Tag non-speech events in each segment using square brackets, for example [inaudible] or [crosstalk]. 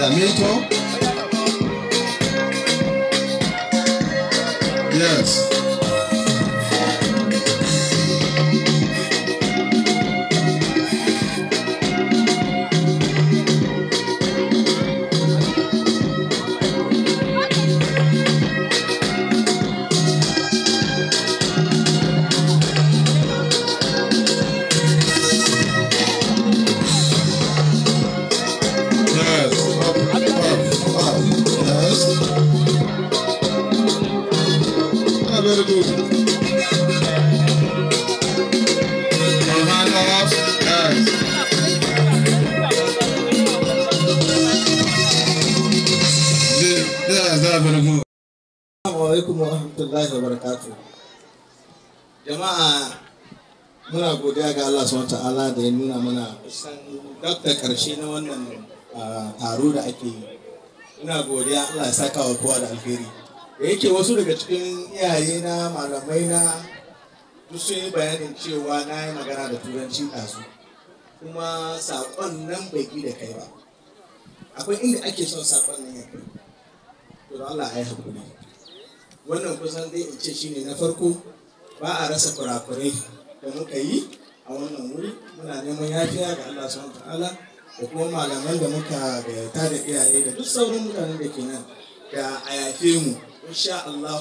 mandamiento rahmatullahi jama'a muna godiya ga Allah subhanahu ta'ala da ya nuna mana kusan dakta karshe na wannan taro da ake yi muna godiya Allah ya saka wa kowa da alheri da yake wasu daga cikin iyaye na malamai na duk yi bayanin cewa na yi magana da turanci ɗazu kuma saƙon nan bai bi da kai ba akwai inda ake son saƙon nan ya kai to Allah ya yi hakuri wannan kusan dai in ce shine na farko ba a rasa kurakurai da muka yi a wannan wuri muna neman yafiya ga Allah subhanahu ta'ala da kuma malaman da muka gayyata da iyaye da duk sauran mutanen da ke nan da a yafe mu insha Allah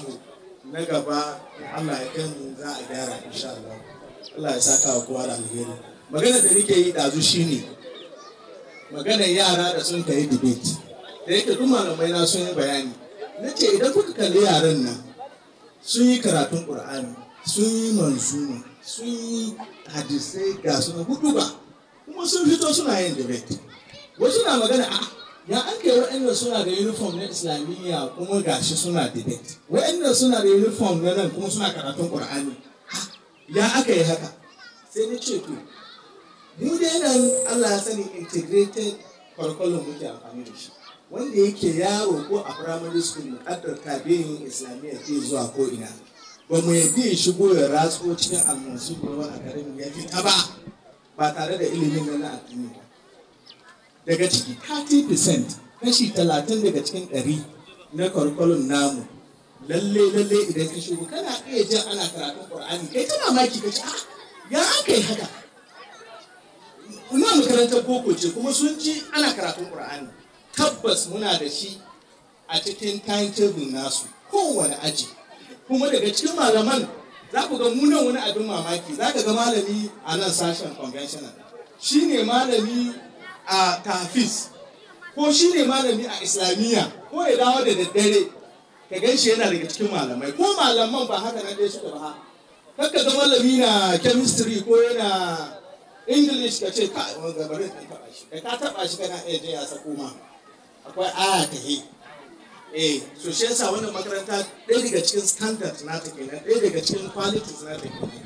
na gaba Allah ya kai za a gyara insha Allah Allah ya saka wa kowa da alheri magana da nake yi dazu shine maganar yara da sun kai debate da yake duk malamai na sun yi bayani nace idan kuka kalli yaran nan sun yi karatun ƙur'ani sun yi manzuma sun yi hadisai ga suna hudu ba kuma sun fito suna yin debate wasu na magana a ya an kai waɗanda suna da uniform na islamiyya kuma gashi suna debate waɗanda suna da uniform na nan kuma suna karatun ƙur'ani ya aka yi haka sai ni ce to mu dai nan Allah ya sani integrated curriculum muke amfani da shi wanda yake yaro ko a primary school muƙaddar kafin islamiyya ke zuwa ko ina ba mu yadda ya shigo ya ratso cikin almasu da a akademi ya ta ba ba tare da ilimin nan na addini ba daga ciki 30% kashi 30 daga cikin 100 na kwarkwalon namu lalle lalle idan ka shigo kana iya jin ana karatun qur'ani kai tana maki kace ah ya aka yi haka ina makarantar boko ce kuma sun ji ana karatun Kur'ani. tabbas muna da shi a cikin timetable nasu kowane aji kuma daga cikin malaman za ku ga munan wani abin mamaki za ka ga malami a nan sashen conventional shi ne malami a tafis ko shi ne malami a islamiyya ko ya dawo da daddare ka gan shi yana daga cikin malamai ko malaman ba haka na dai suka ba kakka ga malami na chemistry ko yana english ka ce ka ka taba shi ka taba shi kana iya je ya sako ma akwai aya ta he eh so shi yasa wannan makaranta ɗaya daga cikin standard na ta kenan ɗaya daga cikin qualities na ta kenan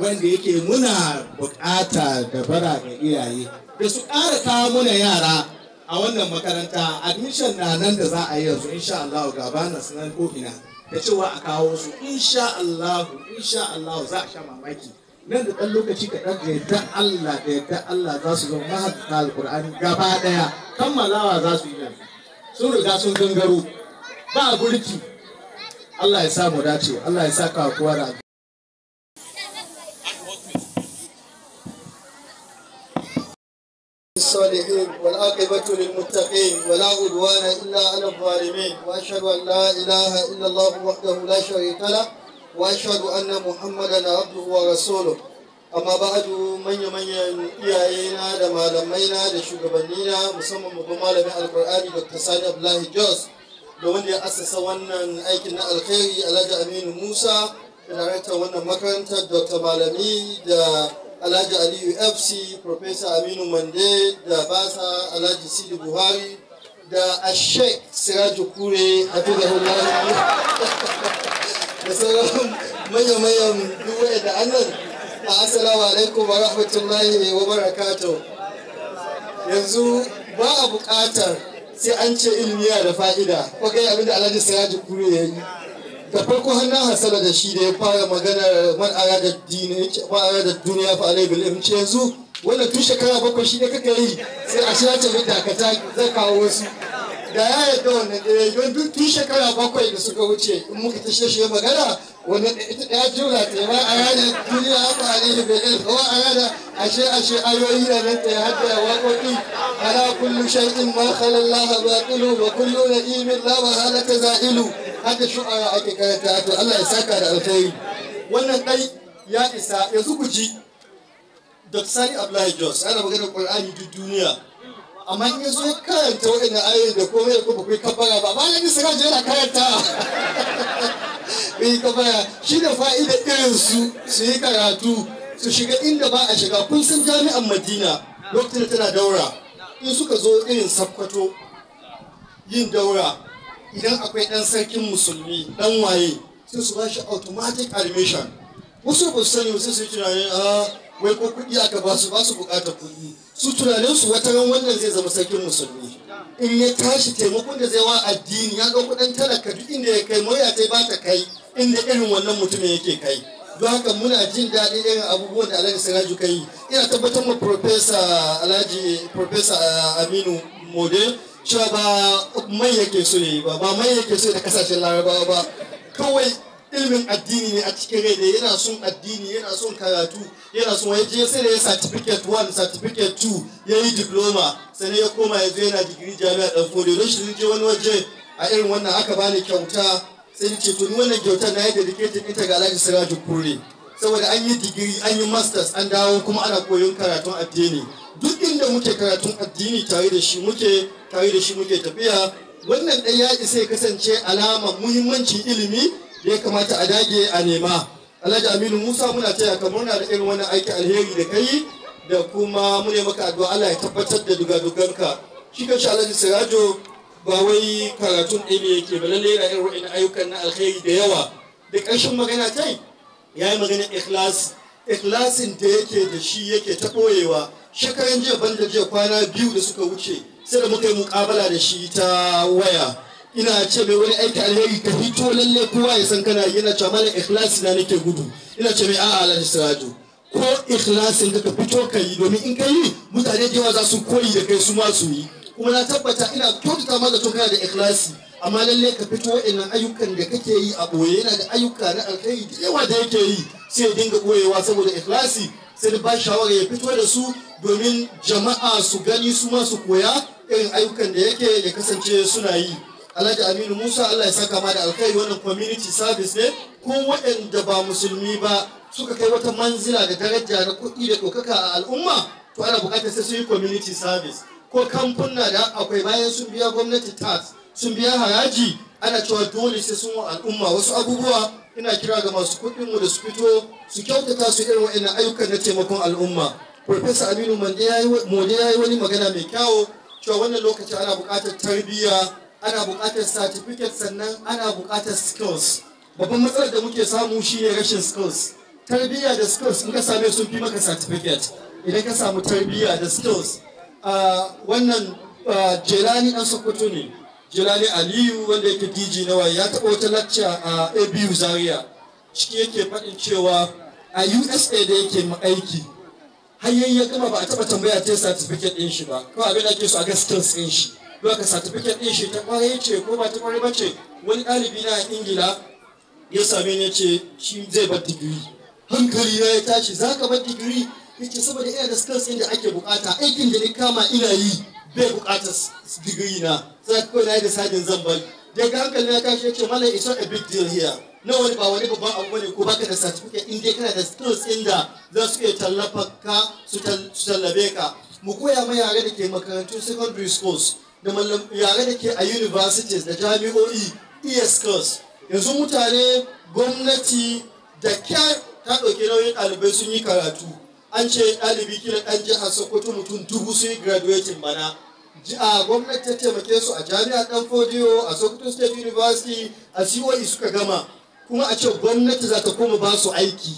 wanda yake muna bukata da bara ga iyaye da su ƙara kawo muna yara a wannan makaranta admission na nan da za a yi yanzu insha Allah gabanas nan ko ina da cewa a kawo su insha Allah insha Allah za a sha mamaki nan da ɗan lokaci kaɗan da yadda Allah da yadda Allah za su zama mahaddata alƙur'ani gaba ɗaya kammalawa za su yi nan sun riga sun gangaro ba burki Allah ya sa mu dace Allah ya sa ka kowa da الصالحين والعاقبة للمتقين ولا عدوان إلا على الظالمين وأشهد أن لا إله إلا الله وحده لا شريك له وأشهد أن محمدا عبده ورسوله amma ba adu manya-manyan iyayena da malamaina da shugabannina musamman babban malamin alkur'ani dr sani abdullahi jos da wanda ya asasa wannan aikin na alkhairi alhaji aminu musa da daraktan wannan makarantar dr malami da alhaji aliyu fc professor aminu mande da basa alhaji sidi buhari da ashek siraju kure hafizahullah da sauran manya-manyan duwaye da annan a assalamu alaikum wa rahmatullahi wa barakato yanzu ba a buƙatar sai an ce ilmiya da fa'ida ko kai abin da alhaji siraji kure ya yi da farko hannun hasala da shi da ya fara maganar man da duniya fa alai bil imci yanzu wannan tun shekara bakwai shi ne kaka yi sai a shi ya tafi dakata zai kawo wasu da ya yadda wannan ɗaya don duk tun shekara bakwai da suka wuce in muka tashe shi magana wannan ita ɗaya jura ta ba a rana duniya haka a ɗaya bai ɗaya kawa a rana ashe ashe ayoyi da nan ɗaya hadda ya waƙoƙi ala kullu shay'in ma khalallaha baqilu wa kullu na'imin la wahalata za'ilu haka shu'ara ake karanta to Allah ya saka da alkhairi wannan ɗan ya isa yanzu ku ji Dr. Sani Abdullahi Jos ana maganar Qur'ani duk duniya amma in yanzu ya karanta waɗannan ayoyi da komai da kuma kai kabara ba malami siraji na karanta bai [laughs] kabara shi da fa'ida irin su su yi karatu su shiga inda ba a shiga kun san jami'an madina lokacin tana daura in suka zo irin sakkwato yin daura idan akwai ɗan sarkin musulmi ɗan waye sai su ba shi automatic admission wasu ba su sani wasu su tunanin a ah, wai ko kuɗi aka ba su ba su buƙatar kuɗi su tunaninsu wata ran wannan zai zama sarkin musulmi in ya tashi taimakon da zai wa addini ya ga kudin talaka duk inda ya kai moya ta ba ta kai inda irin wannan mutumin yake kai don haka muna jin daɗi irin abubuwan da alhaji siraju kai ina tabbatar ma profesa alhaji profesa uh, aminu mode cewa ba mai yake so ne ba ba mai yake so da kasashen larabawa ba kawai ilimin addini ne a cikin rai ne yana son addini yana son karatu yana son waje sai da ya certificate 1 certificate 2 ya yi diploma sai ya koma yanzu yana digiri jami'a dan fodiyo don shi je wani waje a irin wannan aka bani kyauta sai ni ce to ni wannan kyauta na yi dedicated ita ga Alhaji Siraju Kure saboda an yi digiri an yi masters an dawo kuma ana koyon karatun addini duk inda muke karatun addini tare da shi muke tare da shi muke tafiya wannan ɗaya ya isa ya kasance alama muhimmancin ilimi ya kamata a dage a nema alhaji aminu musa muna taya ka murna da irin wani aiki alheri da kai da kuma mune maka addu'a Allah ya tabbatar da dugadugarka shi kan alhaji sirajo ba wai karatun ɗaya ne yake ba lallai yana irin wa'in ayyukan na alheri da yawa da ƙarshen magana ta yi ya yi magana ikhlas ikhlasin da yake da shi yake ta ɓoyewa shekaran jiya banda jiya kwana biyu da suka wuce sai da muka yi muƙabala da shi ta waya ina ce mai wani aiki alheri ka fito lalle kowa ya san kana yana cewa mana ikhlasi na nake gudu ina ce mai a'a alhaji sirajo ko ikhlasin ka fito ka yi domin in ka yi mutane da yawa za su koyi da kai su ma su yi kuma na tabbata ina kyautata ma zato kana da ikhlasi amma lalle ka fito wa'annan ayyukan da kake yi a boye yana da ayyuka na alkhairi da yawa da yake yi sai ya dinga boyewa saboda ikhlasi sai da ba shawara ya fito da su domin jama'a su gani su ma su koya irin ayyukan da yake ya kasance suna yi Alhaji Aminu Musa Allah ya saka ma da alkai wannan community service ne ko waɗanda ba musulmi ba suka kai wata manzila da daraja na kuɗi da ɗaukaka a al'umma to ana buƙatar sai su yi community service ko kamfuna da akwai bayan sun biya gwamnati tax sun biya haraji ana cewa dole sai sun wa al'umma wasu abubuwa ina kira ga masu kuɗin mu da su fito su kyautata su irin waɗannan ayyukan na taimakon al'umma Profesa Aminu Mande ya yi wani magana mai kyawo cewa wannan lokaci ana buƙatar tarbiyya ana buƙatar certificate sannan ana buƙatar skills babban matsalar da muke samu shine rashin skills tarbiyya da skills ka same sun fi maka certificate idan ka samu tarbiyya da skills wannan jelani dan sokoto ne jelani aliyu wanda yake dj na waye ya taɓa wata lacca a abu zaria ciki yake faɗin cewa a usa da yake aiki har ya gama ba a taɓa tambaya ta certificate ɗin shi ba kawai abin da ake so a ga skills ɗin shi ka certificate din shi ta ya ce ko ba ta kwarai ba ce wani ɗalibi na ingila ya same ni ce shi zai bar digiri hankali na ya tashi za ka bar digiri yake saboda ina da skills inda ake bukata aikin da ni kama ina yi bai bukata digiri na za ka na yi da sajin zan bar daga hankali ya tashi ya ce mala it's not a big deal here na wani ba wani babban abu ne ko baka da certificate in dai kana da skills inda da za su iya tallafa ka su tallabe ka mu koya ma yare da ke makarantun secondary schools da yare da ke a universities da jami'o'i escos yanzu mutane gwamnati da kyar ta ɗauki nauyin ɗalibai sun yi karatu an ce ɗalibi kira ɗan jihar sokoto mutum dubu sun yi graduating bana a gwamnati ta taimake su a jami'ar ɗan fodiyo a sokoto state university a coe suka gama kuma a ce gwamnati za ta koma ba su aiki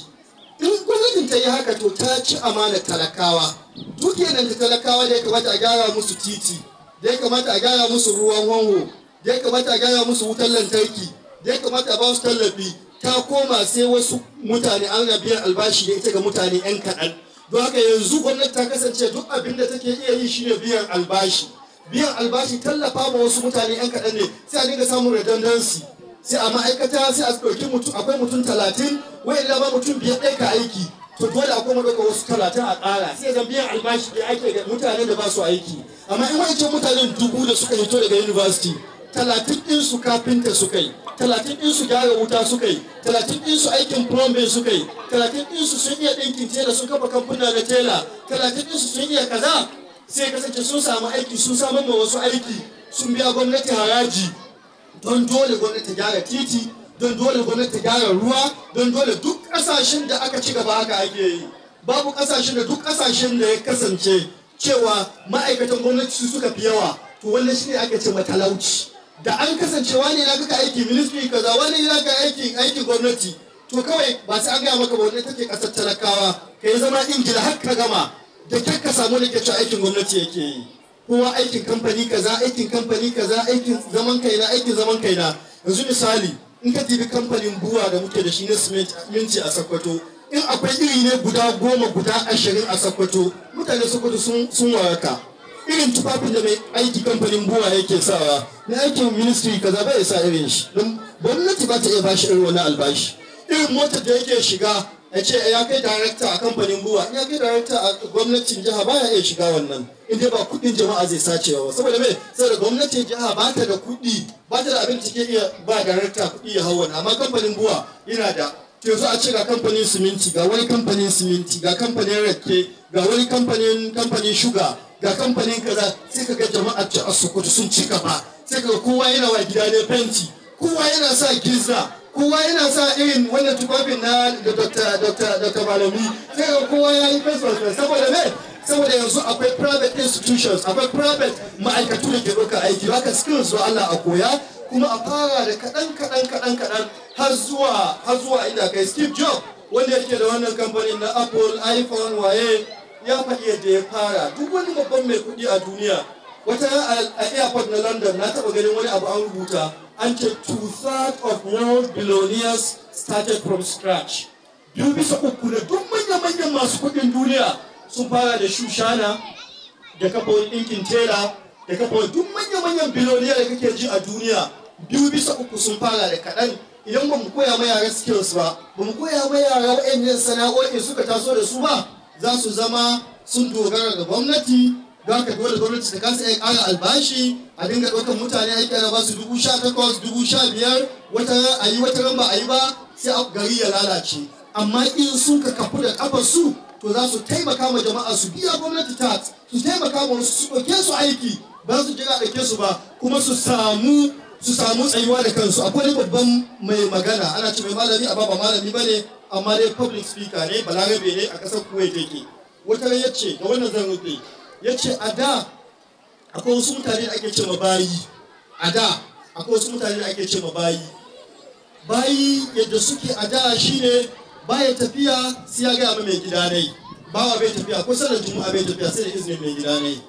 in gwamnatin ta yi haka to ta ci amana talakawa duk yanan talakawa da ya kamata a gyara musu titi ya kamata a gaya musu ruwan wanwo ya kamata a gaya musu wutar lantarki ya kamata a ba su tallafi ta koma sai wasu mutane an rabiyar albashi da ita ga mutane 'yan kaɗan don haka yanzu gwamnati ta kasance duk abin da take iya yi shine biyan albashi biyan albashi tallafa ma wasu mutane 'yan kaɗan ne sai a dinga samun redundancy sai a ma'aikata sai a ɗauki mutum akwai mutum talatin wai ba mutum biyar ɗaya ka aiki to dole a kuma daga wasu karatu a ƙara sai zan biyan albashi da ake ga mutanen da ba su aiki amma in wancan mutanen dubu da suka hito daga university talatin ɗin su kafinta su kai talatin ɗin su gyara wuta su kai. talatin ɗin su aikin plumbing su kai talatin ɗin su sun iya ɗinkin tela sun kafa kamfuna na tela talatin ɗin su sun iya kaza sai kasance sun samu aiki sun samar ma wasu aiki sun biya gwamnati haraji don dole gwamnati gyara titi don dole gwamnati gyara ruwa don dole duk ƙasashen da aka ci gaba haka ake yi babu ƙasashen da duk ƙasashen da ya kasance cewa ma'aikatan gwamnati su suka fi yawa to wannan shine aka ce matalauci da an kasance wani na kaka aiki ministry kaza wani na ka aiki aiki gwamnati to kawai ba sai an gaya maka ba wannan take ƙasar talakawa ka yi zama ingila har ka gama da kai ka samu da kyau aikin gwamnati yake yi kowa aikin kamfani kaza aikin kamfani kaza aikin zaman kaina aikin zaman kaina yanzu misali in ka tafi kamfanin buwa da muke da shi na siminti a Sokoto in akwai iri ne guda goma guda ashirin a Sokoto mutane sakkwato sun waraka irin tufafin da mai aiki kamfanin buwa yake sawa na aikin ministry kaza bai sa irin shi don gwamnati ba ta iya bashi irin wani albashi irin motar da yake shiga ya ce ya kai darakta a kamfanin buwa ya kai darakta a gwamnatin jiha ba ya iya shiga wannan in dai ba kudin jama'a zai sace ba saboda me saboda gwamnatin jiha ba ta da kudi ba ta da abin da iya ba darakta kudi ya hawa amma kamfanin buwa yana da yanzu a ce ga kamfanin siminti ga wani kamfanin siminti ga kamfanin rake ga wani kamfanin kamfanin shuga ga kamfanin kaza sai ka ga jama'a ta a sun cika ba sai ka ga kowa yana wa gida ne fenti kowa yana sa giza kowa yana sa irin wannan tufafin na dr malami sai ga kowa ya yi christmas saboda me saboda yanzu akwai private institutions akwai private ma'aikatu da ke ɗauka aiki Ba ka skills zuwa allah a koya kuma a fara da kaɗan kaɗan kaɗan kaɗan har zuwa har zuwa inda kai steve job wanda yake da wannan kamfanin na apple iphone waye ya faɗi yadda ya fara duk wani babban mai kuɗi a duniya wata a airport na london na taɓa ganin wani abu an rubuta an ce two thirds of world billionaires started from scratch biyu bisa uku na duk manya-manyan masu kuɗin duniya sun fara da shushana da kafa wani ɗinkin tela da kafa duk manya-manyan billionaires da kake ji a duniya biyu bisa uku sun fara da kaɗan idan ba mu koya ma yara skills ba ba mu koya ma yara waɗannan sana'o'in suka taso da su ba za su zama sun dogara ga gwamnati don haka dole gwamnati ta kasa ya kara albashi a dinga ɗaukar mutane aiki ana ba su dubu sha takwas dubu sha biyar wata a yi wata ran ba a yi ba sai gari ya lalace amma in sun ka kafu da kafar su to za su taimaka ma jama'a su biya gwamnati tax su taimaka ma su ɗauke su aiki ba su jira ɗauke su ba kuma su samu su samu tsayuwa da kansu akwai babban mai magana ana ce mai malami a ba malami ba ne amma dai public speaker ne balarabe ne a ƙasar kuwait yake wata ya ce da wannan zan rufe ya ce a da akwai wasu mutane da ake ce ma bayi a da akwai wasu mutane da ake ce ma bayi bayi yadda suke a da shine baya tafiya sai ya gaya mai gida ne bawa bai tafiya ko sanar juma'a bai tafiya sai da izinin mai gida ne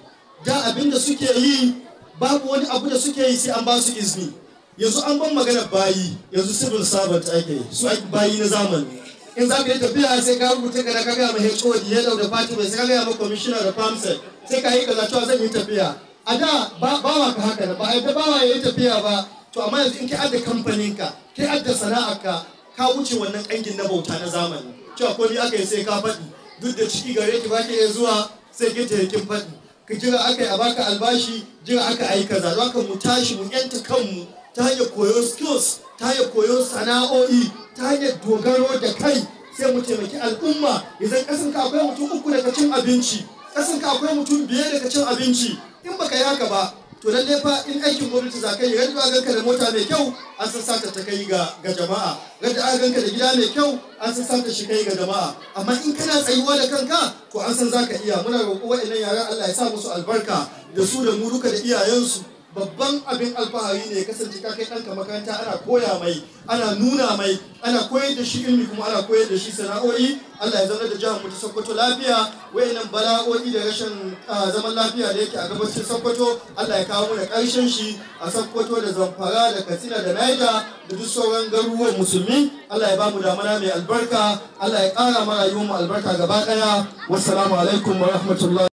da abin da suke yi babu wani abu da suke yi sai an ba su izini yanzu an ban magana bayi yanzu civil servant ake su bayi na zamani in za ka yi tafiya sai ka rubuta ka ka gaya ma ya yellow da fatima sai ka gaya ma commissioner da famsel sai ka yi kaza cewa zan yi tafiya a da ba wa ka haka ba a yadda ba wa yi tafiya ba to amma yanzu in ki adda kamfanin ka ki adda sana'arka ka wuce wannan kangin na bauta na zamani cewa ko ni aka yi sai ka faɗi duk da ciki gare ki ba ki iya zuwa sai ki ta faɗi ka jira aka yi a baka albashi jira aka ayi kaza don ka mu tashi mu yanta kanmu ta hanyar koyon skills ta yi koyon sana'o'i ta hanyar dogaro da kai sai mu taimaki al'umma idan kasan ka akwai mutum uku daga cin abinci kasan ka akwai mutum biyar daga cin abinci in baka yi haka ba to lallai fa in aikin gwamnati za ka yi radda ganka da mota mai kyau an san sata ta kai ga jama'a radda a ganka da gida mai kyau an san sata shi kai ga jama'a amma in kana tsayuwa da kanka to an san za ka iya muna roƙo wa'annan yaran Allah ya sa musu albarka da su da mu duka da iyayensu babban abin alfahari ne ya kasance ka kai ɗanka makaranta ana koya mai ana nuna mai ana koyar da shi ilmi kuma ana koyar da shi sana'o'i Allah ya zauna da jihar mu ta Sokoto lafiya wayannan bala'o'i da rashin ah, zaman lafiya da yake a gabashin Sokoto Allah ya kawo mana ƙarshen shi a Sokoto da Zamfara da Katsina da Niger da duk sauran garuruwan musulmi Allah ya ba mu damana mai albarka Allah ya ƙara mana rayuwar mu albarka gaba ɗaya wassalamu alaikum wa rahmatullahi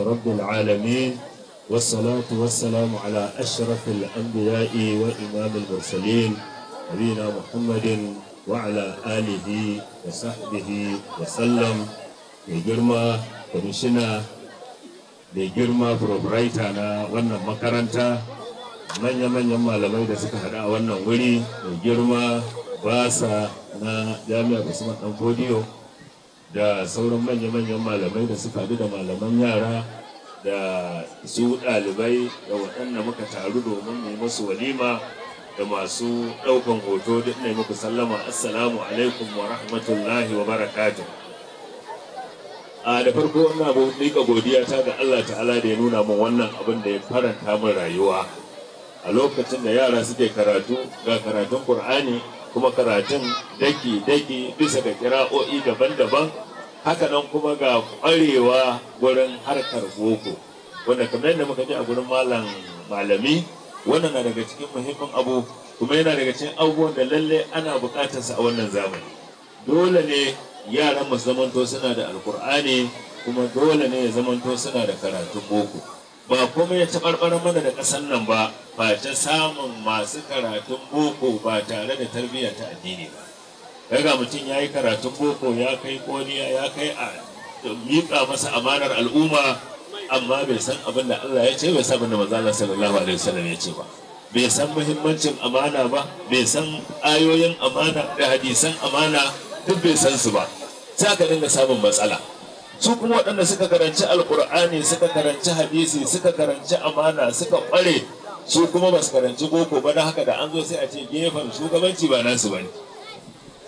rabbul alamin والصلاة والسلام على أشرف الأنبياء وإمام المرسلين نبينا محمد وعلى آله وصحبه وسلم بجرمة كمشنا بجرمة بروبرايتنا وانا مكرنتا من يمن يما لبيد سكهدا وانا ولي بجرمة basa na jami'ar usman dan fodiyo da sauran manya-manyan malamai da suka da malaman yara da su ɗalibai da waɗanda muka taru domin mu musu walima da masu ɗaukan hoto duk ne muku sallama assalamu alaikum wa rahmatullahi wa barakatuh a da farko ina miƙa godiya ta ga Allah ta'ala da ya nuna min wannan abin da ya faranta min rayuwa a lokacin da yara suke karatu ga karatun Qur'ani kuma karatun daki daki bisa ga kira'o'i daban-daban haka nan kuma ga kwarewa wurin harkar boko wanda kamar yadda muka ji a gurin malam malami wannan na daga cikin muhimmin abu kuma yana daga cikin abubuwan da lalle ana sa a wannan zamani dole ne yaran mu zamanto suna da alkur'ani kuma dole ne ya zamanto suna da karatun boko ba kuma ya taɓarɓar mana da kasan nan ba ba ta samun masu karatun boko ba tare da tarbiyyar ta addini ba Daga mutum ya yi karatun koko, ya kai koniya ya kai a miƙa masa amanar al'umma amma bai san abin da Allah ya ce bai san da manzo sallallahu alaihi wasallam ya ce ba bai san muhimmancin amana ba bai san ayoyin amana da hadisan amana duk bai san su ba sai aka dinga samun matsala su kuma waɗanda suka karanci alkur'ani suka karanci hadisi suka karanci amana suka ƙware su kuma ba su karanci boko ba na haka da an zo sai a ce gefen shugabanci ba nasu ba ne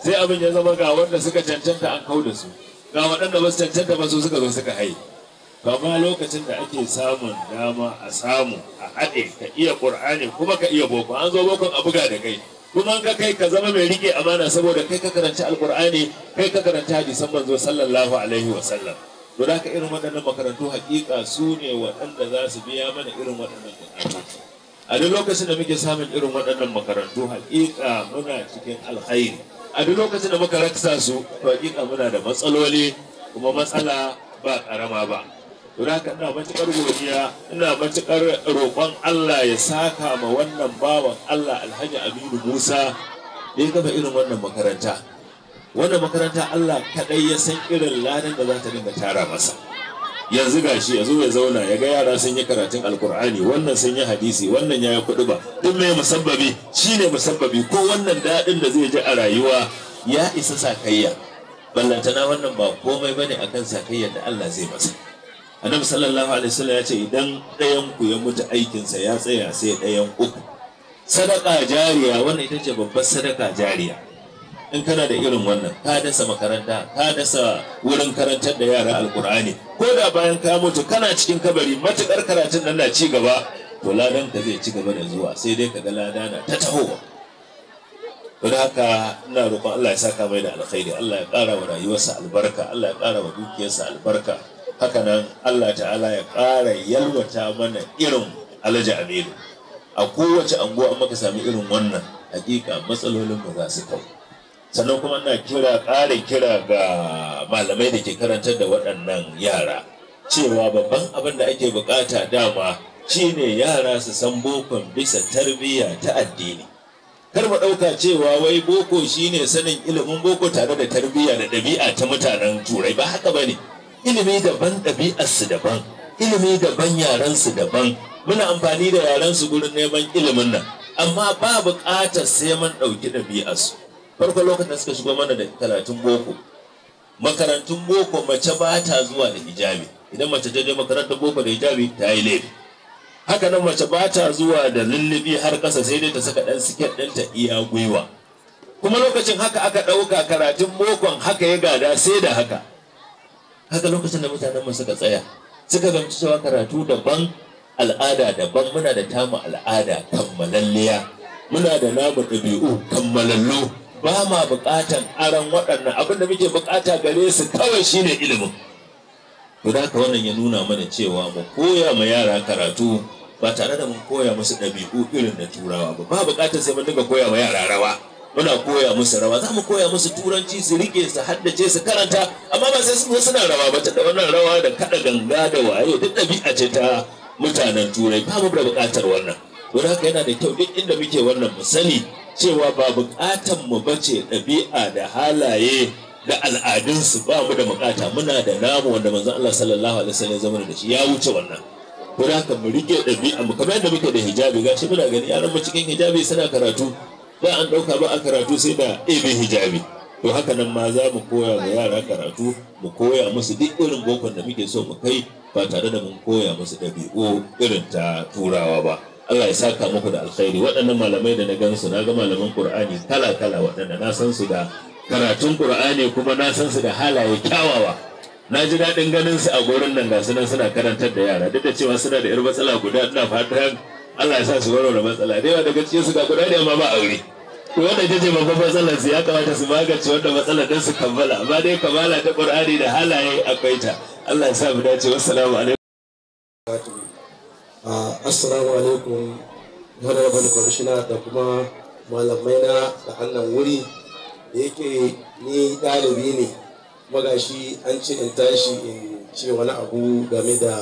sai abin ya zama ga wanda suka cancanta an kau da su ga waɗanda ba su cancanta ba su suka zo suka haye amma lokacin da ake samun dama a samu a haɗe ka iya ƙur'ani kuma ka iya boko an zo bokon a buga da kai kuma ka kai ka zama mai rike amana saboda kai ka karanta alƙur'ani kai ka karanta hadisan manzo sallallahu alaihi wa sallam da ka irin waɗannan makarantu hakika su ne waɗanda za su biya mana irin waɗannan buƙatu a duk lokacin da muke samun irin waɗannan makarantu hakika muna cikin alkhairi a duk lokacin da muka raksa su to hakika muna da matsaloli kuma matsala ba karama ba don haka ina matukar godiya ina matukar roƙon Allah ya saka ma wannan bawan Allah Alhaji Aminu Musa da ya kafa irin wannan makaranta wannan makaranta Allah kadai ya san irin ladan da za ta dinga tara masa yanzu gashi ya zo ya zauna ya ga yara sun yi karatun alkur'ani wannan sun yi hadisi wannan ya yi kuɗi ba duk mai musabbabi shine musabbabi ko wannan daɗin da zai ji a rayuwa ya isa sakayya ballantana wannan ba komai ba bane akan sakayyar da Allah zai masa annabi sallallahu alaihi wasallam ya ce idan ɗayan ku ya mutu aikinsa ya tsaya sai ɗayan uku sadaka jariya wannan ita ce babbar sadaka jariya in kana da irin wannan ka dasa makaranta ka dasa wurin karantar da yara alkur'ani ko da bayan ka mutu kana cikin kabari matukar karatun nan na ci gaba to ladan ka zai ci gaba da zuwa sai dai ka ga lada na ta tahowa don haka ina roƙon Allah ya saka mai da alkhairi Allah ya ƙara wa rayuwarsa albarka Allah ya ƙara wa dukiyarsa albarka haka nan Allah ta'ala ya ƙara yalwata mana irin alhaji Aminu a kowace anguwa an maka sami irin wannan hakika matsalolin ba za su kawo sannan kuma na kira ƙarin kira ga malamai da ke karantar da waɗannan yara cewa babban abin da ake bukata dama shine yara su san bokon bisa tarbiyya ta addini kar mu ɗauka cewa wai boko shine sanin ilimin boko tare da tarbiyya da ɗabi'a ta mutanen turai ba haka ba ne ilimi daban ɗabi'arsu daban ilimi daban yarensu daban muna amfani da yarensu gurin neman ilimin nan amma ba buƙatar sai mun ɗauki ɗabi'arsu farko lokacin da suka shigo mana da karatun boko makarantun boko mace ba ta zuwa da hijabi idan mace ta je makarantar boko da hijabi ta yi laifi haka nan mace ba ta zuwa da lullubi har kasa sai dai ta saka ɗan siket ta iya gwiwa kuma lokacin haka aka ɗauka karatun bokon haka ya gada sai da haka haka lokacin da mutanen mu suka tsaya suka gamci cewa karatu daban al'ada daban muna da tamu al'ada kammalalliya muna da namu ɗabi'u kammalallu ba ma buƙatan aran waɗannan abin da muke bukata gare su kawai shine ilimin to da haka wannan ya nuna mana cewa mu koya ma yara karatu ba tare da mun koya musu ɗabi'u irin da turawa ba ba buƙatar sai mun dinga koya ma yara rawa muna koya musu rawa za mu koya musu turanci su rike su haddace su karanta amma ba sai sun suna rawa ba ta da wannan rawa da kada ganga da waye duk ɗabi'a ce ta mutanen turai ba mu da buƙatar wannan don haka yana da kyau duk inda muke wannan mu cewa ba bukatan mu bace ɗabi'a da halaye da al'adunsu ba mu da bukata muna da namu wanda manzon Allah sallallahu alaihi wasallam zama da shi ya wuce wannan don haka mu rike ɗabi'a mu kamar yadda muke da hijabi gashi muna gani yaran mu cikin hijabi suna karatu Ba an ɗauka ba a karatu sai da ebe hijabi to haka nan ma za mu koya wa yara karatu mu koya musu duk irin bokon da muke so mu kai ba tare da mun koya musu ɗabi'u irin ta turawa ba Allah ya saka muku da alkhairi waɗannan malamai da na gansu na ga malaman Qur'ani kala kala waɗanda na san su da karatun Qur'ani kuma na san su da halaye kyawawa na ji daɗin ganin su a gurin nan ga nan suna karantar da yara duk da cewa suna da irin matsala guda ina fatan Allah ya sa su warware matsala da yawa daga cikin su ga guda ne amma ba aure wanda ita ce babban matsalar su ya kamata su magance wanda matsala dan su kammala amma dai kamala ta qur'ani da halaye akwai ta Allah ya sa mu dace wassalamu alaikum assalamu alaikum honorable commissioner da kuma malamai na da hannun wuri da yake ni ɗalibi ne magashi an ce in tashi in ce wani abu game da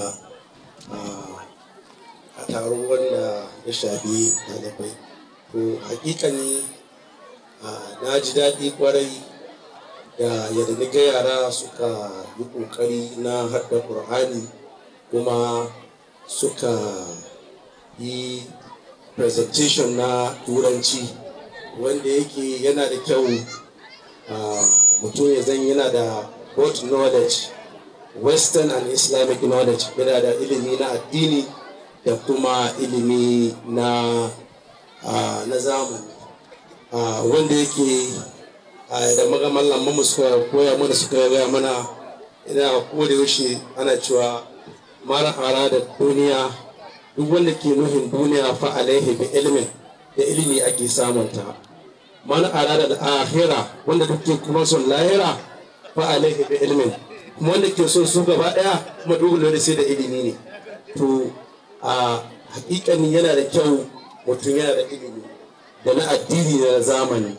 a taron wanda ya shafi ɗalibai to hakikani na ji daɗi kwarai da yadda ga yara suka yi ƙoƙari na haɗa ƙur'ani kuma suka yi presentation na turanci wanda yake yana da kyau mutum ya zan yana da both knowledge western and islamic knowledge yana da ilimi na addini da kuma ilimi na na zamani wanda yake da magamallan mu suka koya mana suka gaya mana ina kodayaushe yaushe ana cewa mara da duniya duk wanda ke nuhin duniya fa alaihi bi ilmin da ilimi ake samunta man hara da akhirah wanda duk ke kuma son lahira fa alaihi bi ilmin kuma wanda ke son su gaba daya kuma duk ne sai da ilimi ne to a hakikan yana da kyau mutum yana da ilimi da na addini na zamani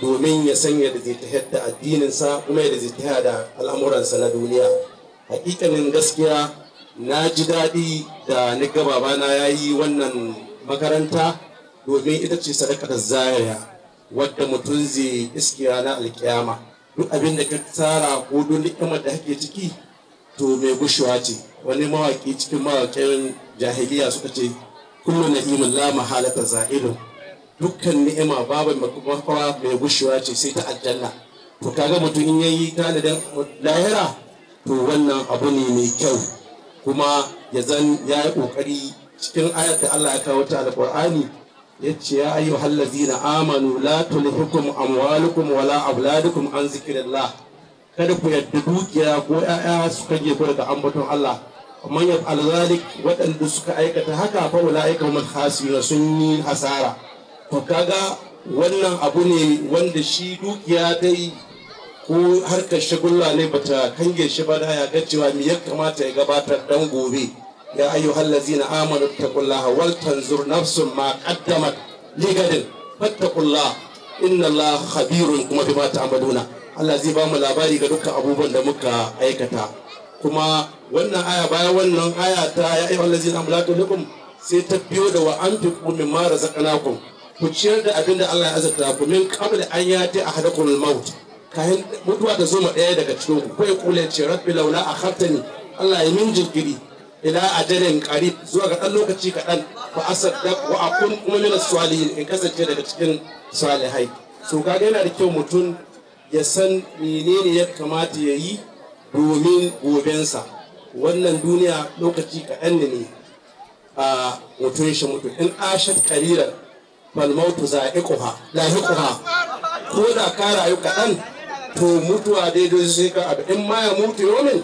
domin ya sanya da zai ta addinin addininsa kuma ya da zai ta da al'amuransa na duniya hakikanin gaskiya na ji daɗi da ni ga babana ya yi wannan makaranta domin ita ce sadakar zariya wadda mutum zai iskiya na alkiyama duk abin da ka tsara ko duk ni'imar da kake ciki to mai gushewa ce wani mawaki cikin mawaƙin jahiliya suka ce kullum na'imin la mahalata za'ilun dukkan ni'ima babu makawa mai gushewa ce sai ta aljanna to kaga mutum in yayi tanadin lahira to wannan abu ne mai kyau kuma ya zan ya yi ƙoƙari cikin ayar da Allah ya kawo ta alƙur'ani ya ce ya ayyu hallazina amanu la tulhikum amwalukum wala auladukum an zikrillah kada ku yadda dukiya ko ƴaƴa su kage ku daga ambaton Allah amma ya alzalik waɗanda suka aikata haka fa ulaika hum khasirun sun yi hasara to kaga wannan abu ne wanda shi dukiya dai ko harkar shagulla ne bata kange shi ba da ya ga cewa me ya kamata ya gabatar dan gobe ya ayyuhal ladzina amanu taqullaha wal tanzur nafsun ma qaddamat ligadin fattaqullaha inna allaha khabirun kuma bima ta'maluna Allah zai ba mu labari ga dukkan abubuwan da muka aikata kuma wannan aya bayan wannan aya ta ya ayyuhal ladzina amlatu lakum sai ta biyo da wa anfiqu mimma razaqnakum ku ciyar da abin da Allah ya azurta ku min qabl an yati ahadakum al-maut kayan mutuwa ta zo ɗaya daga cikin ku ko ya kula ce rabbi laula akhartani Allah ya min jirgiri ila ajalin qarib zuwa ga dan lokaci kaɗan fa asaddaq wa akun kuma min salihin in kasance daga cikin salihai so kaga yana da kyau mutum ya san menene ya kamata ya yi domin gobensa wannan duniya lokaci kaɗan ne a mutum shi mutu in ashat kariran falmautu za'iquha lahiquha ko da ka rayu kaɗan to mutuwa daidai sai ka abu in ma ya mutu yomin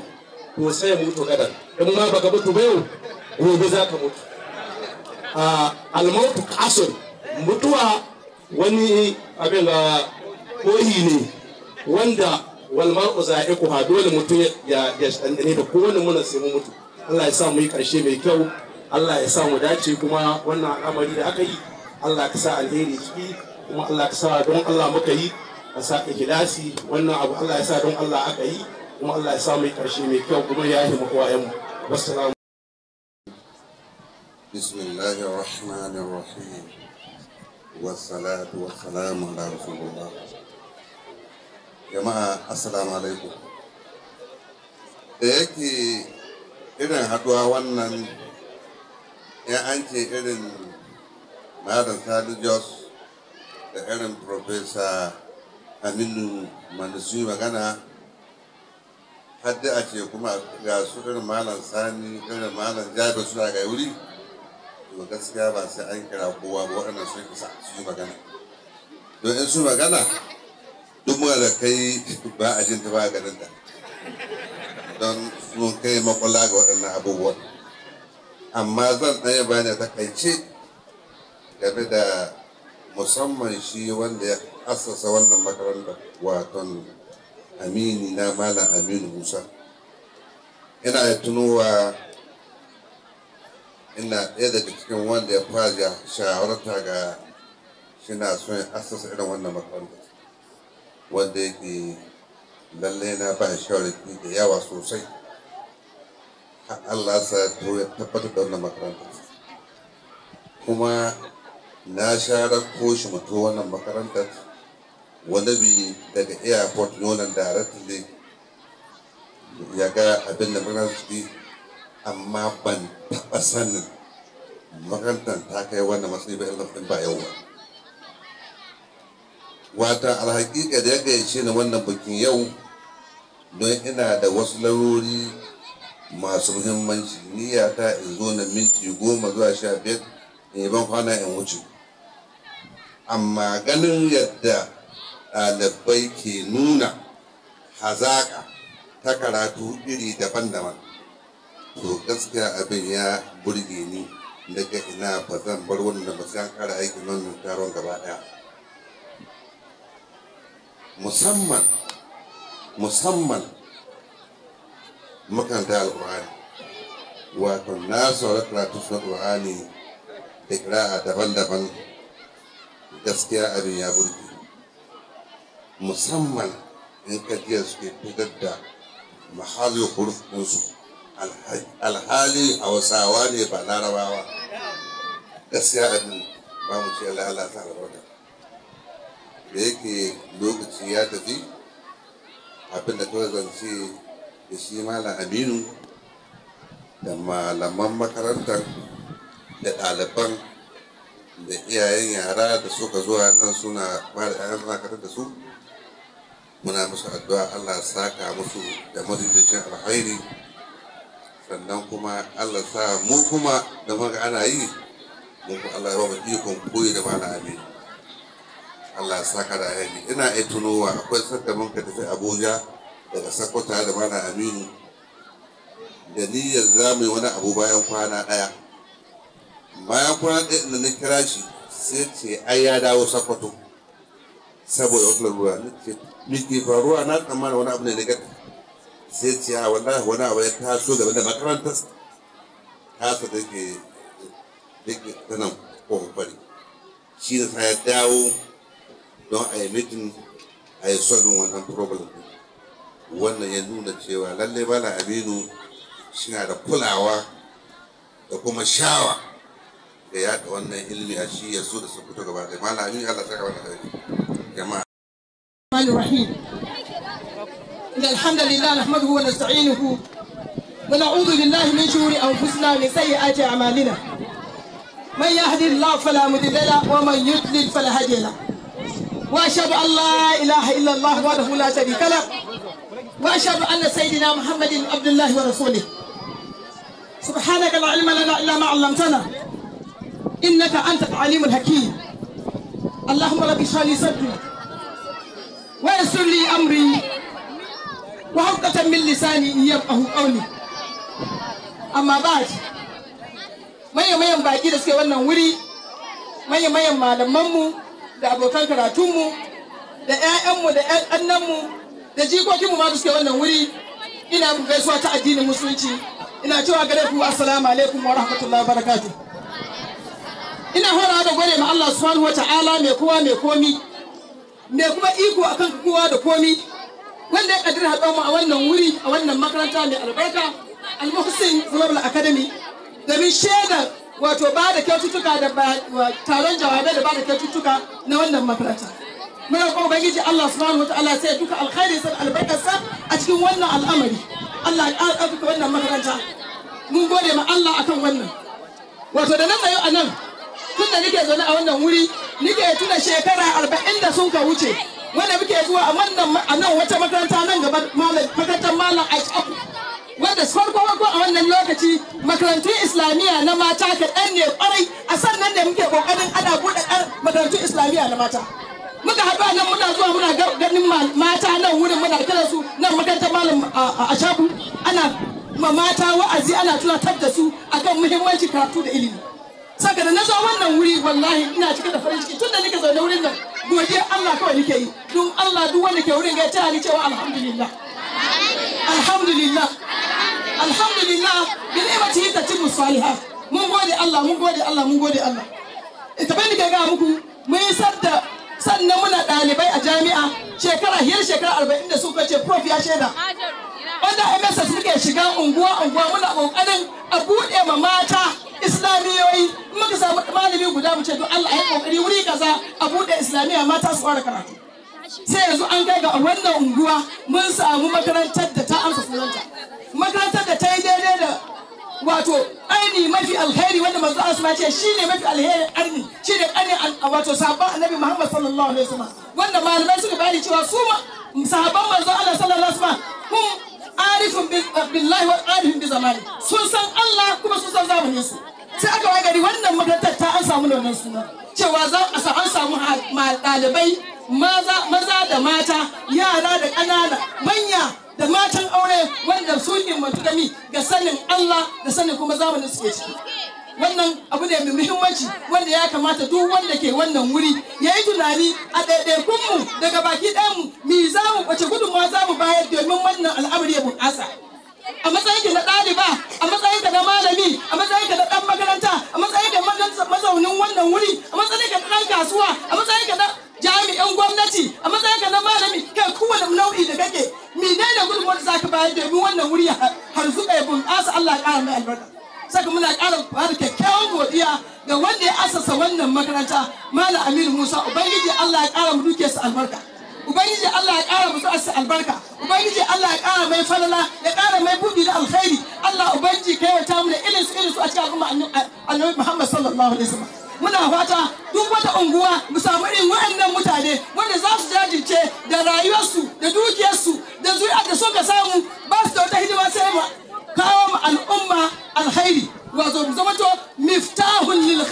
to sai ya mutu gadan in ma baka mutu ba yau gobe za ka mutu almautu kasun mutuwa wani abin da kohi ne wanda walmar ha dole mutu ya ne da kowane muna sai mu mutu Allah ya sa mu yi karshe mai kyau Allah ya sa mu dace kuma wannan al'amari da aka yi Allah ka sa alheri ciki kuma Allah ka sa don Allah muka yi a saka gilasi wannan abu Allah ya sa don Allah aka yi kuma Allah ya sa mai karshe mai kyau kuma ya yi makuwa بسم الله الرحمن الرحيم والصلاة والسلام على رسول الله alaikum da yake irin wannan ya an irin malam sadu jos da irin aminu manasu yi magana hadda a ce kuma ga su irin malam sani irin malam jabe suna ga wuri to gaskiya ba sai an kira kowa ba waɗannan sun isa su yi magana don in su magana duk muna da kai ba a jin ta ba ganin ta don sun kai makwala ga waɗannan abubuwan amma zan ɗaya bayan kai takaice game da musamman shi wanda ya asasa wannan makaranta. waton amini na malam aminu musa ina ya tunowa ina ɗaya daga cikin wanda ya fara shawarta ga shi na son ya asasa irin wannan makaranta. wanda yake lalle na ba shawarci da yawa sosai Allah sa ya tabbatar da wannan makaranta. kuma na sha rakko shi mutu wannan makarantar wani bi daga airport nolan directly ya ga abin da makarantar ciki amma ban taɓa sanin makarantar ta kai wannan matsayi ba irin ba yau wata alhaƙiƙa da ya gayyace ni wannan bikin yau don ina da wasu larori masu muhimmanci niyyata in zo na minti goma zuwa sha biyar in eh, ban kwana in wuce amma ganin yadda ɗalibai ke nuna hazaƙa ta karatu iri daban-daban to gaskiya abin ya burge ni daga ina ba zan bar wannan ba sai an aikin wannan taron gaba ɗaya musamman musamman makaranta alƙur'ani wato na saurari karatu na alƙur'ani tekra daban-daban gaskiya abin ya burge musamman in kajiyar suke fitar da mahallin hurufinsu alhali hausawa ne ba larabawa gaskiya abin ba mu ce lalata albarka da yake lokaci ya tafi abin da kawai zance da shi malam aminu da malaman makarantar da ɗaliban da iyayen yara da suka zuwa nan suna ba da yaran suna karar da su muna musu addu'a Allah saka musu da mazidacin alkhairi sannan kuma Allah sa mu kuma da muka ana yi mu kuma Allah ya ba mu ikon koyi da mana abin Allah saka da ayyuka ina ai tunowa akwai sarka mun ka tafi Abuja daga Sokoto da mana Aminu da niyyar zamu yi wani abu bayan kwana ɗaya. bayan kuna ɗaya da na kira shi sai ce ai ya dawo sakwato saboda wata larura na ce faruwa na tsammanin wani abu ne na gata sai ce a ah, wallahi wani abu ya taso game da makarantar tasa da ke dake tana kofari shi ne sa ya dawo don a yi mitin a yi solving wannan problem wannan ya nuna cewa lallai bala aminu suna da kulawa da kuma shawa yaɗa wannan ilimi a shi ya su da su fito gaba ɗaya malam amin Allah saka wannan alheri jama'a الرحمن الرحيم إن الحمد لله نحمده ونستعينه ونعوذ بالله من شرور أنفسنا ومن سيئات أعمالنا من يهد الله فلا مضل له ومن يضلل فلا هادي له وأشهد أن لا إله إلا الله وحده لا شريك له وأشهد أن سيدنا محمد عبد الله ورسوله سبحانك لا علم لنا إلا ما علمتنا إنك أنت العليم الحكيم اللهم رب اشرح لي صدري ويسر لي أمري وعقدة من لساني يفقه قولي amma ba shi mayan baki da suke wannan wuri mayan malamanmu da abokan karatunmu da 'ya'yanmu da 'ya'yanmu da jikokinmu ma da suke wannan wuri ina gaisuwa ta addinin musulunci ina cewa gare ku assalamu alaikum wa rahmatullahi wa ina fara da gwane ma Allah subhanahu ta'ala mai kowa mai komi mai kuma iko akan kowa da komi wanda ya kadir haɗa mu a wannan wuri a wannan makaranta mai albarka al-muhsin global academy domin shaidar wato ba da kyaututtuka da taron jawabai da ba da kyaututtuka na wannan makaranta muna kuma ubangiji Allah subhanahu ta'ala sai duka alkhairi sai albarkarsa a cikin wannan al'amari Allah ya ƙara wannan makaranta mun gode ma Allah akan wannan wato da na tsayo a nan Tunda nike zaune a wannan wuri nike tuna shekara arba'in da sun ka wuce wanda muke zuwa a wannan a nan wata makaranta nan gaba makarantar malam aiki wanda farko farko a wannan lokaci makarantun islamiyya na mata kaɗan ne kwarai a sannan da muke kokarin ana buɗe makarantun islamiyya na mata muka haɗu nan muna zuwa muna ganin mata nan wurin muna kira su nan makarantar malam a shabu ana ma mata wa'azi ana tunatar da su akan muhimmanci karatu da ilimi saka da na zo wannan wuri wallahi ina cike da farin ciki tunda nake zaune wurin nan godiya Allah kawai nake yi duk Allah duk wanda ke wurin ga ta ni cewa alhamdulillah alhamdulillah alhamdulillah bi ni'mati tatimmu salihat mun gode Allah mun gode Allah mun gode Allah ita bai nake ga muku mun da sannan muna ɗalibai a jami'a shekara hiyar shekara arba'in da suka ce prof ya shaida wanda MSS suke shiga unguwa unguwa muna kokarin a buɗe ma mata islamiyoyi muka samu malami guda mu ce to Allah ya kokari wuri kaza a bude islamiyya mata su fara karatu sai yanzu an kai ga wannan unguwa mun samu makarantar da ta amsa sunanta makarantar da ta yi daidai da wato aini mafi alheri wanda manzo Allah ce shine mafi alheri arni shine arni wato sahabban annabi Muhammad sallallahu alaihi wasallam wanda malamai suka bayani cewa su ma sahabban manzo Allah sallallahu alaihi wasallam hum arifun billahi wa arifun bi zamani sun san Allah kuma sun san zamanin su sai aka wai gari wannan makarantar ta an samu wannan suna cewa za a an samu ɗalibai maza da mata yara da ƙanana manya da matan aure wanda su himmatu da mi ga sanin Allah da sanin kuma zamanin suke ciki wannan abu ne mai muhimmanci wanda ya kamata duk wanda ke wannan wuri ya yi tunani a ɗaiɗaikunmu daga baki ɗayanmu mi za mu wace gudunmawa za mu bayar domin wannan al'amari ya bunƙasa a matsayinka na ɗaliba a matsayinka na malami a matsayinka na ɗan makaranta a matsayinka na mazaunin wannan wuri a matsayinka na ɗan kasuwa a matsayinka na jami'an gwamnati a matsayinka ka na malami kai kowane nau'i da kake menene gudunmuwar da zaka bayar domin wannan wuri har zuba ya eh, bunƙasa Allah ya ƙara mai albarka saka muna ƙara bada kyakkyawan godiya ga wanda ya asasa wannan makaranta malam Aminu Musa ubangiji Allah ya ƙara mu duke su albarka ubangiji Allah ya kara musu asu albarka ubangiji Allah ya kara mai falala ya kara mai buɗi da alkhairi Allah ubangiji kai wata mu da irin su irin su a cikin al'umma annabi Muhammad sallallahu alaihi wasallam muna fata duk wata unguwa mu samu irin wa'annan mutane wanda za su jajirce da rayuwarsu da dukiyarsu da zuriya da suka samu ba su da wata hidima sai mu kawo mu al'umma alkhairi wato mu miftahun lil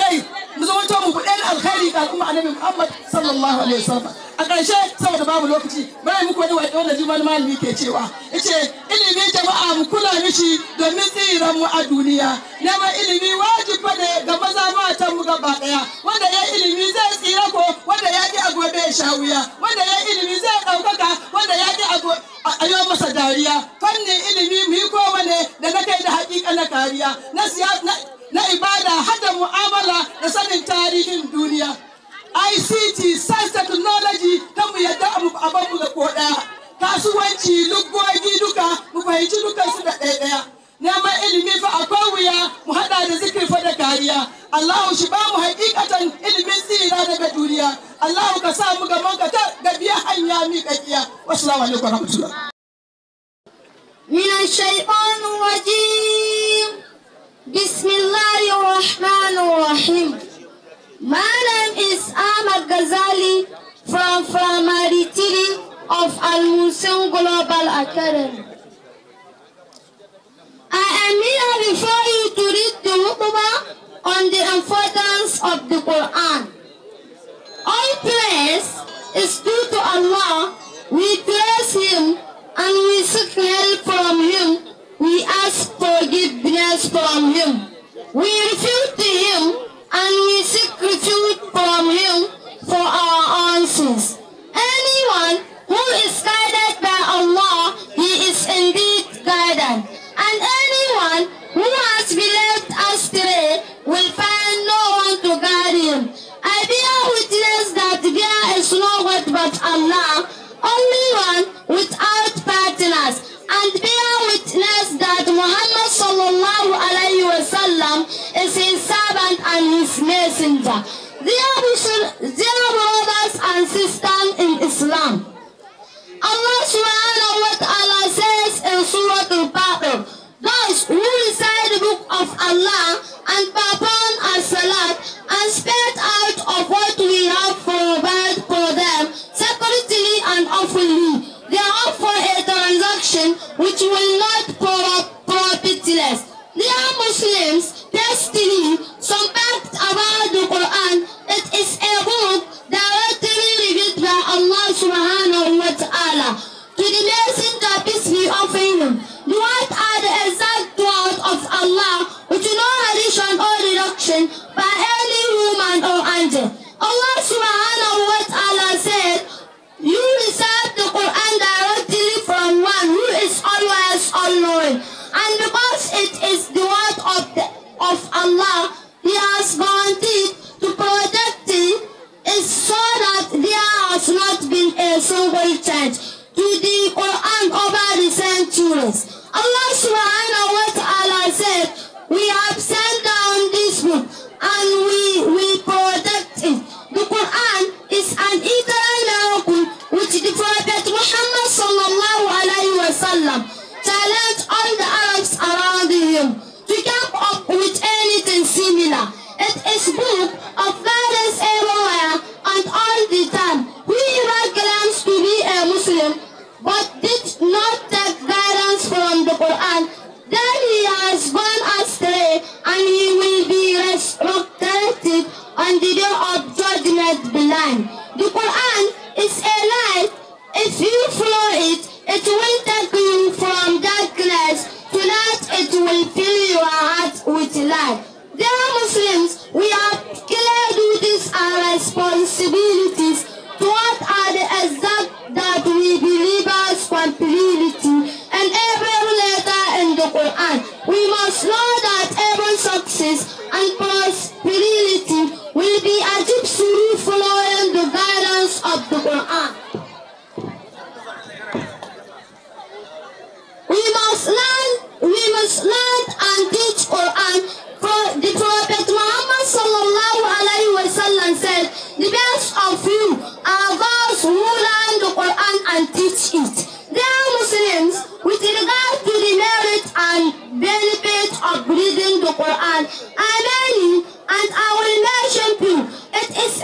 mu zama to mu ɗan alkhairi ga al'umma annabi Muhammad sallallahu alaihi wasallam a ƙarshe saboda babu lokaci bari muku wani waƙe wanda jimal malami ke cewa yace ilimi jama'a mu kula mishi domin tsiran mu a duniya neman ilimi wajibi ne ga maza matan mu gaba ɗaya wanda ya ilimi zai tsira ko wanda ya ji a gobe ya sha wuya wanda ya ilimi zai ɗaukaka wanda ya ji a yi masa dariya fannin ilimi mu yi kowane da na kai da hakika na kariya na siyasa na ibada hada mu'amala da sanin tarihin duniya ICT science technology ta mu yadda a bar mu ga ko kasuwanci luggogi duka mu fahimci dukansu su da ɗaya ɗaya neman ilimi fa akwai wuya mu haɗa da zikir fa da kariya Allahu shi ba mu hakikatan ilimin tsira daga duniya Allahu ka sa mu gaban ka ta gabiya hanya mi kakiya wassalamu alaikum warahmatullahi min ash-shaytanir rajim بسم الله الرحمن الرحيم. My name is Ahmad Ghazali from Primary 3 of Al Musin Global Academy. I am here before you to read the book on the importance of the Quran. All praise is due to Allah We person by any woman or angel. Allah subhanahu wa ta'ala said, you recite the Quran directly from one who is always all-knowing. And because it is the word of, the, of Allah, He has guaranteed to protect it is so that there has not been a single change to the Quran over the centuries. Allah subhanahu wa ta'ala said, we have said spirit of violence and all the time. We Iraq claims to be a Muslim, but did not take guidance from the Quran. Then he has gone astray and he will be resurrected on the day of judgment blind. The Quran is a light. If you follow it, it will take you from darkness to light. It will fill your heart with light are Muslims, we have clear duties our responsibilities what are the exact that we believe as completely and every letter in the Quran. We must know that every success and Adani, and I will worship you. It is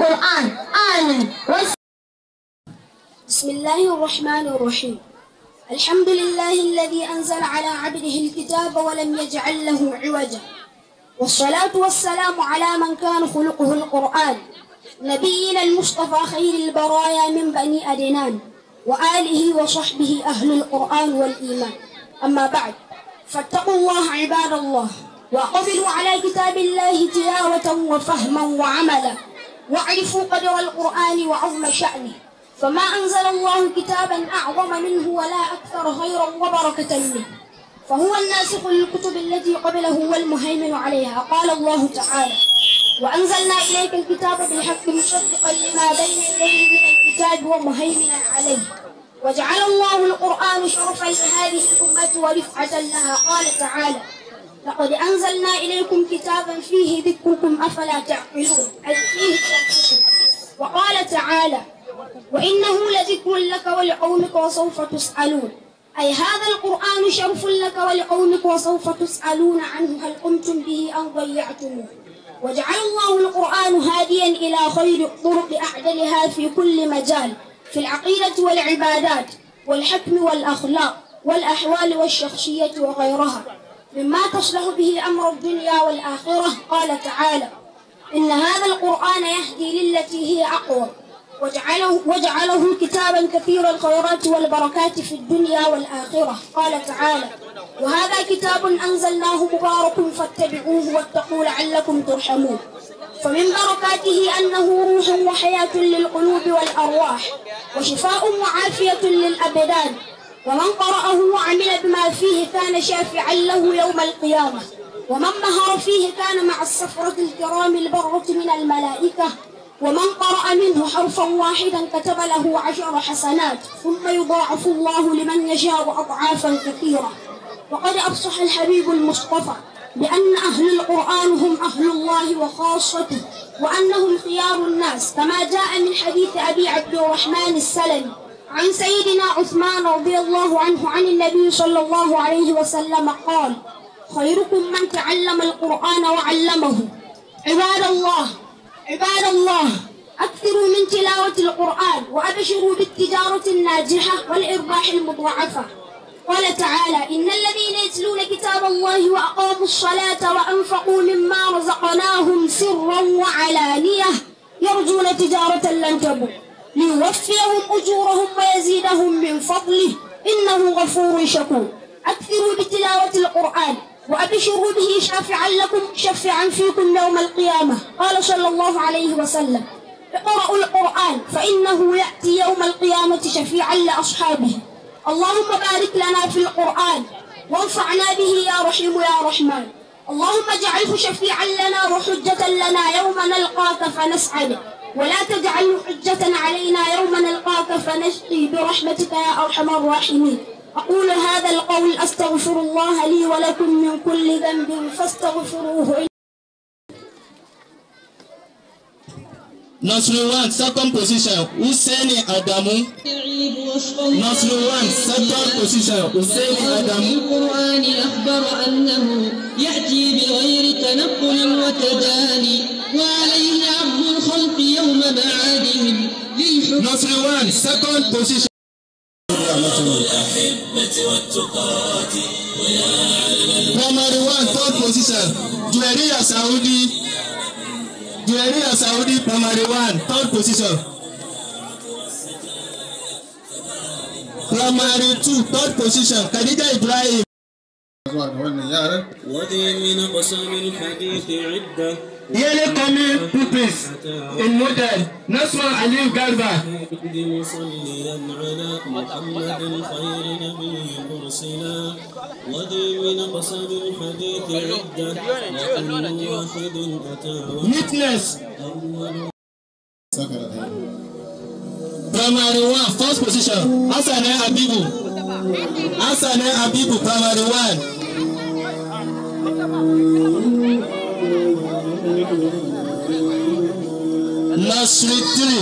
القرآن آمين بسم الله الرحمن الرحيم الحمد لله الذي أنزل على عبده الكتاب ولم يجعل له عوجا والصلاة والسلام على من كان خلقه القرآن نبينا المصطفى خير البرايا من بني أدنان وآله وصحبه أهل القرآن والإيمان أما بعد فاتقوا الله عباد الله وقبلوا على كتاب الله تلاوة وفهما وعملا واعرفوا قدر القرآن وعظم شأنه فما أنزل الله كتابا أعظم منه ولا أكثر خيرا وبركة منه فهو الناسخ للكتب التي قبله والمهيمن عليها قال الله تعالى وأنزلنا إليك الكتاب بالحق مصدقا لما بين يديه من الكتاب ومهيمنا عليه وجعل الله القرآن شرفا لهذه الأمة ورفعة لها قال تعالى لقد أنزلنا إليكم كتابا فيه ذكركم أفلا تعقلون أي فيه تعقلون وقال تعالى وإنه لذكر لك ولقومك وسوف تسألون أي هذا القرآن شرف لك ولقومك وسوف تسألون عنه هل قمتم به أو ضيعتموه وجعل الله القرآن هاديا إلى خير الطرق أعدلها في كل مجال في العقيدة والعبادات والحكم والأخلاق والأحوال والشخصية وغيرها مما تصلح به أمر الدنيا والآخرة قال تعالى إن هذا القرآن يهدي للتي هي أقوى وجعله, وجعله كتابا كثير الخيرات والبركات في الدنيا والآخرة قال تعالى وهذا كتاب أنزلناه مبارك فاتبعوه واتقوا لعلكم ترحمون فمن بركاته أنه روح وحياة للقلوب والأرواح وشفاء وعافية للأبدان ومن قرأه وعمل بما فيه كان شافعا له يوم القيامة ومن مهر فيه كان مع الصفرة الكرام البرة من الملائكة ومن قرأ منه حرفا واحدا كتب له عشر حسنات ثم يضاعف الله لمن يشاء أضعافا كثيرة وقد أفصح الحبيب المصطفى بأن أهل القرآن هم أهل الله وخاصته وأنهم خيار الناس كما جاء من حديث أبي عبد الرحمن السلمي عن سيدنا عثمان رضي الله عنه عن النبي صلى الله عليه وسلم قال خيركم من تعلم القرآن وعلمه عباد الله عباد الله أكثروا من تلاوة القرآن وأبشروا بالتجارة الناجحة والإرباح المضاعفة قال تعالى إن الذين يتلون كتاب الله وأقاموا الصلاة وأنفقوا مما رزقناهم سرا وعلانية يرجون تجارة لن تبور ليوفيهم أجورهم ويزيدهم من فضله إنه غفور شكور أكثروا بتلاوة القرآن وأبشروا به شافعا لكم شفعا فيكم يوم القيامة قال صلى الله عليه وسلم اقرأوا القرآن فإنه يأتي يوم القيامة شفيعا لأصحابه اللهم بارك لنا في القرآن وانفعنا به يا رحيم يا رحمن اللهم اجعله شفيعا لنا وحجة لنا يوم نلقاك فنسعد ولا تجعل حجة علينا يوم نلقاك فنشقي برحمتك يا أرحم الراحمين أقول هذا القول أستغفر الله لي ولكم من كل ذنب فاستغفروه Nursery one, second position, Husseini Adamu. Nursery one, second position, Husseini Adamu. القرآن أخبر أنه يأتي بغير تنقل وتجاني وعليه عبد الخلق يوم بعادهم Number one, second position. Primary one, third position. Juweriya Saudi. Juweriya Saudi, primary one, third position. Primary two, third position. Khadija Ibrahim yearly coming pupils in model Nasma Aliyu Garba. Neatness. Primary one, first position. Hassan Abibu. Hassan Abibu, primary one. Nasritiri.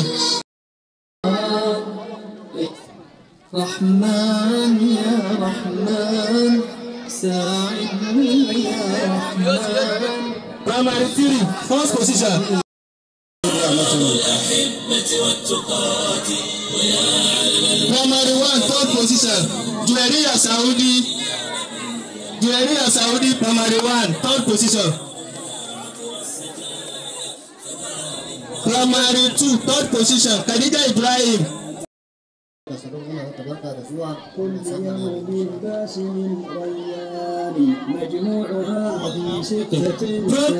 رحمن يا رحمن ساعدني يا رحمن primary three first position. primary one third position Juweriya Saudi Juweriya Saudi primary one third position. primary two third position Khadija Ibrahim. Full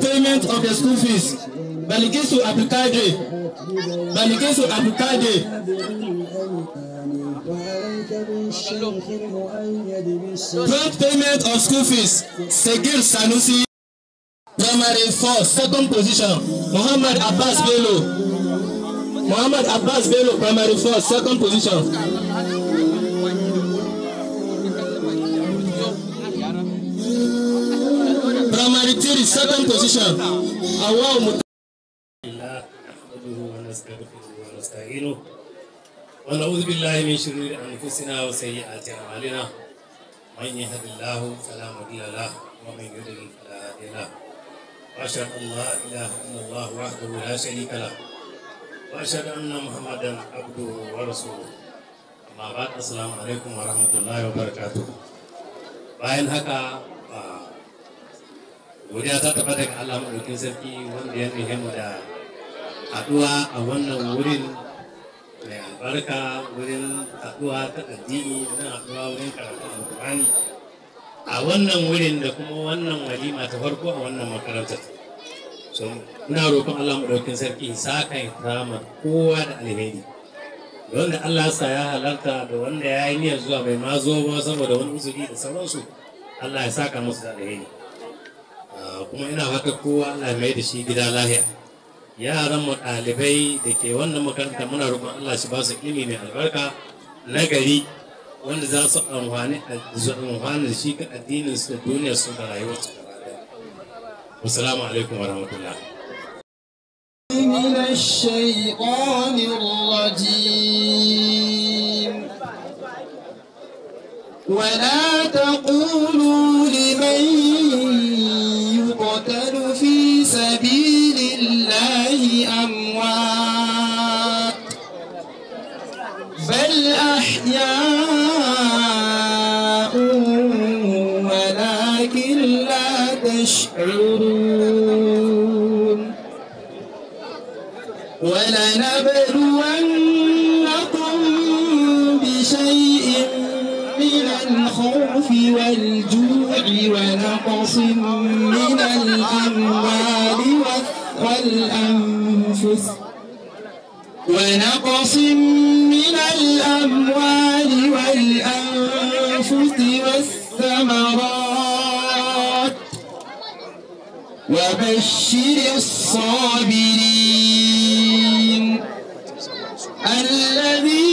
payment of the school fees. Balikisu Abdulkadir. Balikisu Abdulkadir. Prompt payment of school fees. Segir Sanusi primary four second position Muhammad Abbas Bello Muhammad Abbas Bello primary four second position. primary three second position awao mutu. وأشهد أن لا إله إلا الله وحده لا شريك له وأشهد أن محمدا عبده ورسوله أما بعد السلام عليكم ورحمة الله وبركاته bayan haka godiya ta taɓa daga Allah maɗaukin sarki wanda ya mu da haɗuwa a wannan wurin mai albarka wurin ta addini wurin wurin karatun a wannan wurin da kuma wannan walima ta farko a wannan makarantar so ina roƙon Allah mu ɗaukin sarki saka ya kowa da alheri da wanda Allah sa ya halarta da wanda ya yi niyyar zuwa bai ma zo ba saboda wani uzuri da sauransu Allah ya saka musu da alheri ah, kuma ina haka kowa Allah mai da shi gida lahiya yaran mu ɗalibai da ke wannan makarantar muna roƙon Allah shi ba su ilimi mai albarka nagari. gari wanda za su amfani da shi ga addinin su duniyar su da rayuwar su Assalamu alaikum wa rahmatullah. من الشيطان الرجيم ولا تقولوا لمن يقتل في سبيل الله أم لنبلونكم بشيء من الخوف والجوع ونقص من الأموال والأنفس ونقص من الأموال والأنفس والثمرات وبشر الصابرين Let me